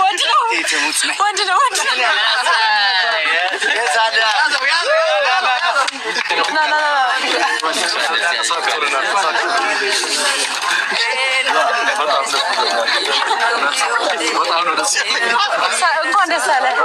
ወንድ ነው ወንድ ነው ወንድ ነው ወንድ ነው። እንኳን ደስ አለ።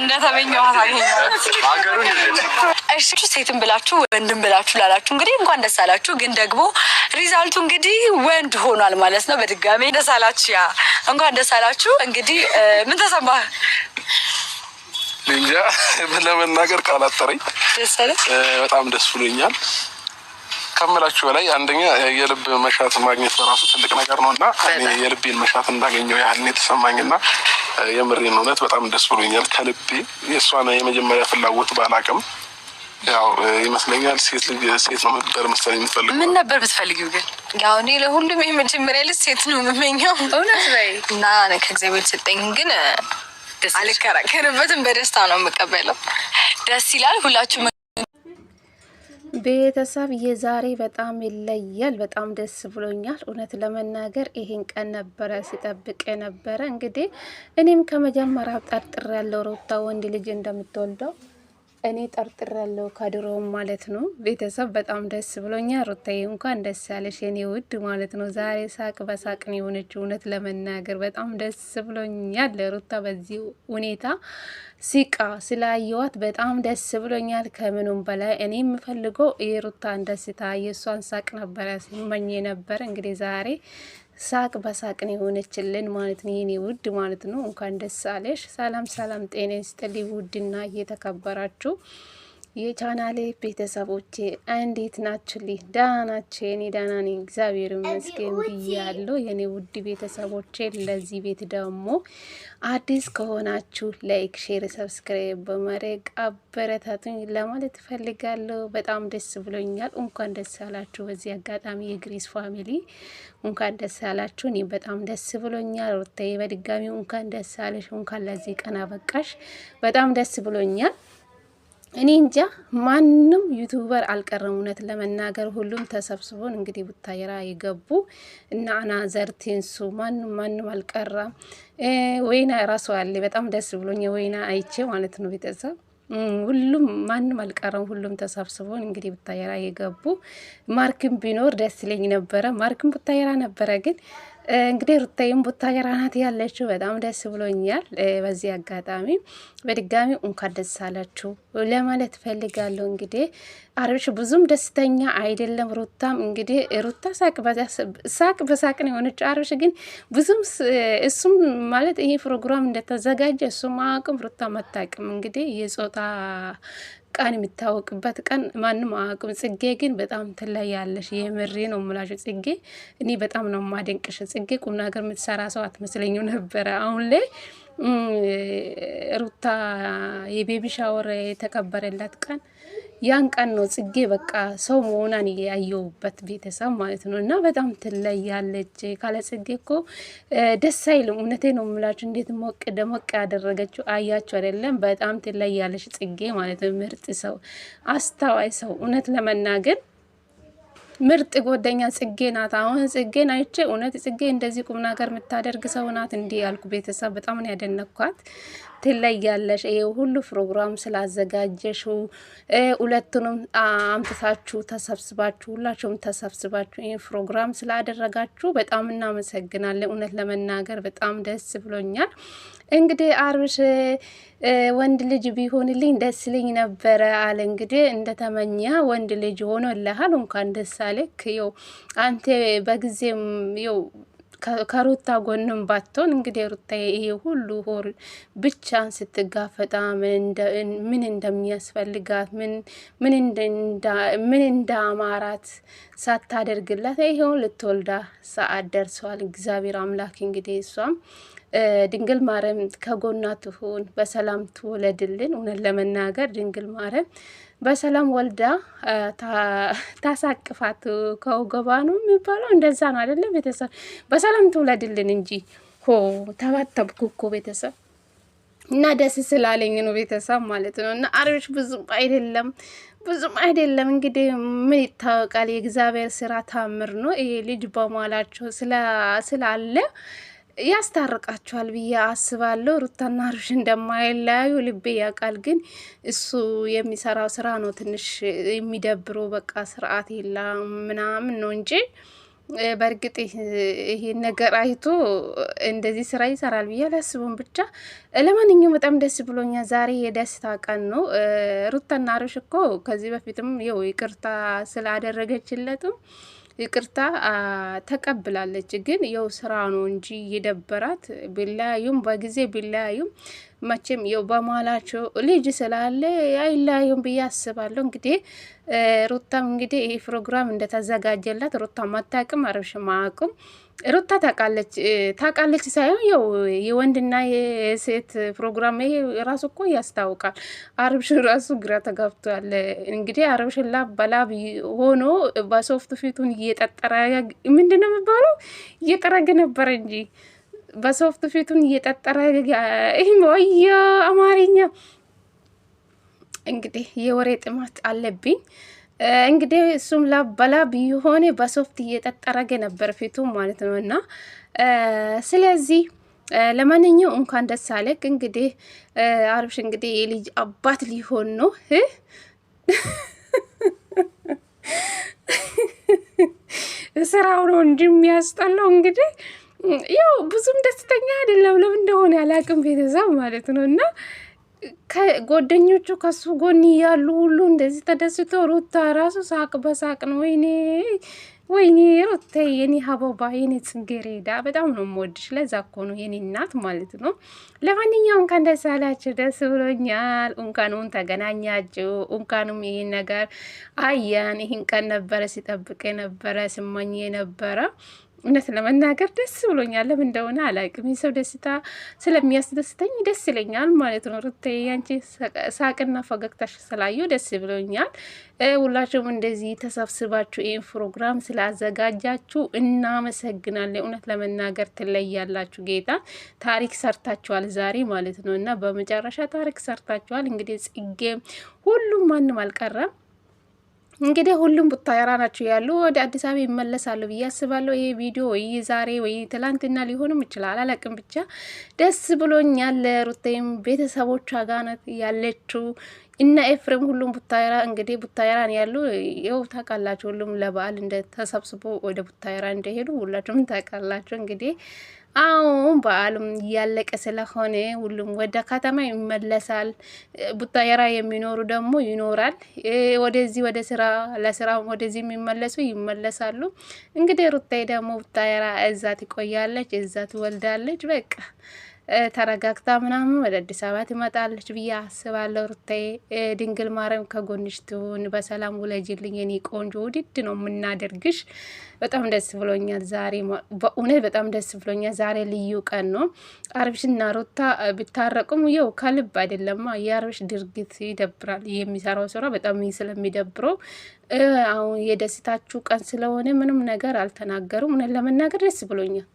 እንደተመኘኋት አገኘኋት። እሺ ሴትም ብላችሁ ወንድም ብላችሁ ላላችሁ እንግዲህ እንኳን ደስ አላችሁ። ግን ደግሞ ሪዛልቱ እንግዲህ ወንድ ሆኗል ማለት ነው። በድጋሜ ደስ አላችሁ። ያ እንኳን ደስ አላችሁ። እንግዲህ ምን ተሰማ? እንጃ ለመናገር ቃል አጠረኝ። በጣም ደስ ብሎኛል ከምላችሁ በላይ አንደኛ የልብ መሻት ማግኘት በራሱ ትልቅ ነገር ነው እና የልቤን መሻት እንዳገኘው ያህል የተሰማኝ እና የምሬን እውነት በጣም ደስ ብሎኛል ከልቤ። የእሷን የመጀመሪያ ፍላጎት ባላቅም ያው ይመስለኛል ሴት ልጅ ሴት ነው ነበር መሰለኝ የምትፈልገው። ምን ነበር ብትፈልጊው? ግን ያው እኔ ለሁሉም የመጀመሪያ ልጅ ሴት ነው የምመኘው እውነት ላይ እና ከእግዚአብሔር ሰጠኝ ግን አልከራከርበትም። በደስታ ነው የምቀበለው። ደስ ይላል ሁላችሁ ቤተሰብ የዛሬ በጣም ይለያል። በጣም ደስ ብሎኛል። እውነት ለመናገር ይህን ቀን ነበረ ሲጠብቅ ነበረ። እንግዲህ እኔም ከመጀመሪያ ጠርጥር ያለው ሩታ ወንድ ልጅ እንደምትወልደው እኔ ጠርጥር ያለው ከድሮውም ማለት ነው። ቤተሰብ በጣም ደስ ብሎኛ። ሩታዬ እንኳን ደስ ያለሽ የኔ ውድ ማለት ነው። ዛሬ ሳቅ በሳቅን የሆነችው እውነት ለመናገር በጣም ደስ ብሎኛል። ሩታ በዚህ ሁኔታ ሲቃ ስላየዋት በጣም ደስ ብሎኛል። ከምኑም በላይ እኔ የምፈልገው የሩታን ደስታ የእሷን ሳቅ ነበረ ሲመኝ ነበር። እንግዲህ ዛሬ ሳቅ ነው የሆነችልን ማለት ነው። የኔ ውድ ማለት ነው። እንኳን ደስ አለሽ። ሰላም ሰላም፣ ጤና ይስጥልኝ ውድና እየተከበራችሁ የቻናሌ ቤተሰቦቼ እንዴት ናችሁልኝ? ደህና ናቸው። የኔ ደህና ነኝ፣ እግዚአብሔር ይመስገን ብያለሁ። የኔ ውድ ቤተሰቦቼ ለዚህ ቤት ደግሞ አዲስ ከሆናችሁ ላይክ፣ ሼር፣ ሰብስክራይብ በማድረግ አበረታቱኝ ለማለት እፈልጋለሁ። በጣም ደስ ብሎኛል። እንኳን ደስ አላችሁ። በዚህ አጋጣሚ የግሪስ ፋሚሊ እንኳን ደስ አላችሁ። እኔ በጣም ደስ ብሎኛል። ሩታዬ በድጋሚ እንኳን ደስ አለሽ፣ እንኳን ለዚህ ቀን አበቃሽ። በጣም ደስ ብሎኛል። እኔ እንጃ ማንም ዩቱበር አልቀረም። እውነት ለመናገር ሁሉም ተሰብስቦን እንግዲህ ቡታየራ የገቡ እና አናዘር ቴንሱ ማንም ማንም አልቀረም። ወይና ራሱ አለ። በጣም ደስ ብሎኝ ወይና አይቼ ማለት ነው ቤተሰብ ሁሉም ማንም አልቀረም። ሁሉም ተሰብስቦን እንግዲህ ቡታየራ የገቡ ማርክም ቢኖር ደስ ይለኝ ነበረ። ማርክም ቡታየራ ነበረ ግን እንግዲህ ሩታዬም ቡታጀራ ናት ያለችው በጣም ደስ ብሎኛል። በዚህ አጋጣሚ በድጋሚ እንኳን ደስ አላችሁ ለማለት ፈልጋለሁ። እንግዲህ አብርሽ ብዙም ደስተኛ አይደለም። ሩታም እንግዲህ ሩታ ሳቅ በሳቅ ነው የሆነች። አብርሽ ግን ብዙም እሱም ማለት ይሄ ፕሮግራም እንደተዘጋጀ እሱም አያውቅም ሩታ አታውቅም። እንግዲህ የጾታ ቀን የሚታወቅበት ቀን ማንም አያውቅም። ጽጌ ግን በጣም ትለያለሽ። የምሬ ነው የምላሽው ጽጌ፣ እኔ በጣም ነው ማደንቅሽ ጽጌ። ቁም ነገር የምትሰራ ሰው አትመስለኝም ነበረ። አሁን ላይ ሩታ የቤቢ ሻወር የተከበረላት ቀን ያን ቀን ነው ጽጌ በቃ ሰው መሆኗን ያየውበት ቤተሰብ ማለት ነው። እና በጣም ትለያለች። ካለ ጽጌ እኮ ደስ አይልም። እውነቴ ነው የምላችሁ። እንዴት ሞቅ ደሞቅ ያደረገችው አያችሁ አይደለም? በጣም ትለያለች ጽጌ ማለት ነው። ምርጥ ሰው፣ አስተዋይ ሰው፣ እውነት ለመናገር ምርጥ ጓደኛ ጽጌ ናት። አሁን ጽጌን አይቼ እውነት ጽጌ እንደዚህ ቁም ነገር የምታደርግ ሰው ናት እንዲህ ያልኩ ቤተሰብ በጣም ነው ያደነኳት። ትለያለሽ። ይሄ ሁሉ ፕሮግራም ስላዘጋጀሽው ሁለቱንም አምጥታችሁ ተሰብስባችሁ ሁላችሁም ተሰብስባችሁ ይህ ፕሮግራም ስላደረጋችሁ በጣም እናመሰግናለን። እውነት ለመናገር በጣም ደስ ብሎኛል። እንግዲህ አብርሽ ወንድ ልጅ ቢሆንልኝ ደስ ልኝ ነበረ አለ። እንግዲህ እንደተመኛ ወንድ ልጅ ሆኖልሃል፣ እንኳን ደስ አለክ። ይኸው አንተ በጊዜም ይኸው ከሩታ ጎንም ባትሆን እንግዲህ ሩታ ይሄ ሁሉ ሆር ብቻን ስትጋፈጣ ምን እንደሚያስፈልጋት ምን እንደ አማራት ሳታደርግላት ይሄውን ልትወልዳ ሰዓት ደርሰዋል። እግዚአብሔር አምላክ እንግዲህ እሷም ድንግል ማርያም ከጎና ትሁን፣ በሰላም ትወለድልን። እውነት ለመናገር ድንግል ማርያም በሰላም ወልዳ ታሳቅፋት ከውገባ ነው የሚባለው፣ እንደዛ ነው አይደለም? ቤተሰብ በሰላም ትውለድልን እንጂ። ሆ ተባተብኩ እኮ ቤተሰብ እና ደስ ስላለኝ ነው ቤተሰብ ማለት ነው። እና አብርሽ ብዙም አይደለም ብዙም አይደለም እንግዲህ ምን ይታወቃል፣ የእግዚአብሔር ስራ ታምር ነው። ይሄ ልጅ በማላቸው ስላለ ያስታርቃቸዋል ብዬ አስባለሁ። ሩታና ሩሽ እንደማይለያዩ ልቤ ያውቃል፣ ግን እሱ የሚሰራው ስራ ነው ትንሽ የሚደብሮ በቃ ስርዓት የላ ምናምን ነው እንጂ በእርግጥ ይሄ ነገር አይቶ እንደዚህ ስራ ይሰራል ብዬ አላስቡም። ብቻ ለማንኛውም በጣም ደስ ብሎኛ ዛሬ የደስታ ቀን ነው። ሩታና ሩሽ እኮ ከዚህ በፊትም ይው ይቅርታ ስላደረገችለትም ይቅርታ ተቀብላለች። ግን የው ስራ ነው እንጂ የደበራት ቢለያዩም በጊዜ ቢለያዩም መቼም የው በመኋላቸው ልጅ ስላለ አይለያዩም ብዬ አስባለሁ። እንግዲህ ሩታም እንግዲህ ይህ ፕሮግራም እንደተዘጋጀላት ሩታም አታውቅም፣ አብርሽም አያውቁም። ሩታ ታውቃለች ታውቃለች ሳይሆን ያው የወንድና የሴት ፕሮግራም ይሄ ራሱ እኮ ያስታውቃል። አብርሽ ራሱ ግራ ተጋብቷል። እንግዲህ አብርሽ ላብ በላብ ሆኖ በሶፍት ፊቱን እየጠጠረ ምንድነው የሚባለው እየጠረገ ነበር እንጂ በሶፍት ፊቱን እየጠጠረ ወዮ አማርኛ እንግዲህ የወሬ ጥማት አለብኝ። እንግዲህ እሱም ላበላ ቢሆን በሶፍት እየጠጠረገ ነበር ፊቱ ማለት ነው። እና ስለዚህ ለማንኛው እንኳን ደስ አለክ። እንግዲህ አብርሽ እንግዲህ የልጅ አባት ሊሆን ነው። ስራው ነው እንዲህ የሚያስጠላው እንግዲህ ያው ብዙም ደስተኛ አይደለም። ለምን እንደሆነ ያላቅም ቤተሰብ ማለት ነው እና ጓደኞቹ ከሱ ጎን እያሉ ሁሉ እንደዚህ ተደስቶ ሩታ ራሱ ሳቅ በሳቅ ነው። ወይኔ ወይኔ ሩቴ፣ የኔ አበባ፣ የኔ ጽጌሬዳ በጣም ነው የምወድሽ። ለዛ እኮ ነው የኔ እናት ማለት ነው። ለማንኛውም እንኳን ደስ አላችሁ፣ ደስ ብሎኛል። እንኳኑም ተገናኛችሁ፣ እንኳኑም ይህን ነገር አያን። ይህን ቀን ነበረ ሲጠብቅ የነበረ ስመኝ የነበረ እውነት ለመናገር ደስ ብሎኛል። ለምን እንደሆነ አላውቅም። የሰው ደስታ ስለሚያስደስተኝ ደስ ይለኛል ማለት ነው። ሩቴ ያንቺ ሳቅና ፈገግታሽ ስላየሁ ደስ ብሎኛል። ሁላችሁም እንደዚህ ተሰብስባችሁ ይህን ፕሮግራም ስላዘጋጃችሁ እናመሰግናለን። እውነት ለመናገር ትለያላችሁ። ጌታ ታሪክ ሰርታችኋል ዛሬ ማለት ነው እና በመጨረሻ ታሪክ ሰርታችኋል። እንግዲህ ጽጌም ሁሉም ማንም አልቀረም። እንግዲህ ሁሉም ቡታየራ ናቸው ያሉ ወደ አዲስ አበባ ይመለሳሉ ብዬ አስባለሁ። ይሄ ቪዲዮ ወይ ዛሬ ወይ ትላንትና ሊሆንም ይችላል አላቅም። ብቻ ደስ ብሎኛል። ሩታይም ቤተሰቦቿ ጋር ናት ያለችው እና ኤፍሬም ሁሉም ቡታየራ እንግዲህ ቡታየራን ያሉ ይኸው ታውቃላችሁ። ሁሉም ለበዓል እንደ ተሰብስቦ ወደ ቡታየራ እንደሄዱ ሁላችሁም ታውቃላችሁ እንግዲህ አሁን በዓሉም እያለቀ ስለሆነ ሁሉም ወደ ከተማ ይመለሳል። ቡታየራ የሚኖሩ ደግሞ ይኖራል። ወደዚህ ወደ ስራ ለስራ ወደዚህ የሚመለሱ ይመለሳሉ። እንግዲህ ሩታይ ደግሞ ቡታየራ እዛ ትቆያለች፣ እዛ ትወልዳለች። በቃ ተረጋግታ ምናምን ወደ አዲስ አበባ ትመጣለች ብዬ አስባለሁ። ሩታዬ ድንግል ማርያም ከጎንሽ ትሁን፣ በሰላም ውለጅልኝ የኔ ቆንጆ። ውድድ ነው የምናደርግሽ። በጣም ደስ ብሎኛል ዛሬ፣ በእውነት በጣም ደስ ብሎኛል ዛሬ። ልዩ ቀን ነው። አብርሽና ሩታ ብታረቁም የው ከልብ አይደለማ። የአብርሽ ድርጊት ይደብራል። የሚሰራው ስራ በጣም ስለሚደብረው አሁን የደስታችሁ ቀን ስለሆነ ምንም ነገር አልተናገሩም። እውነት ለመናገር ደስ ብሎኛል።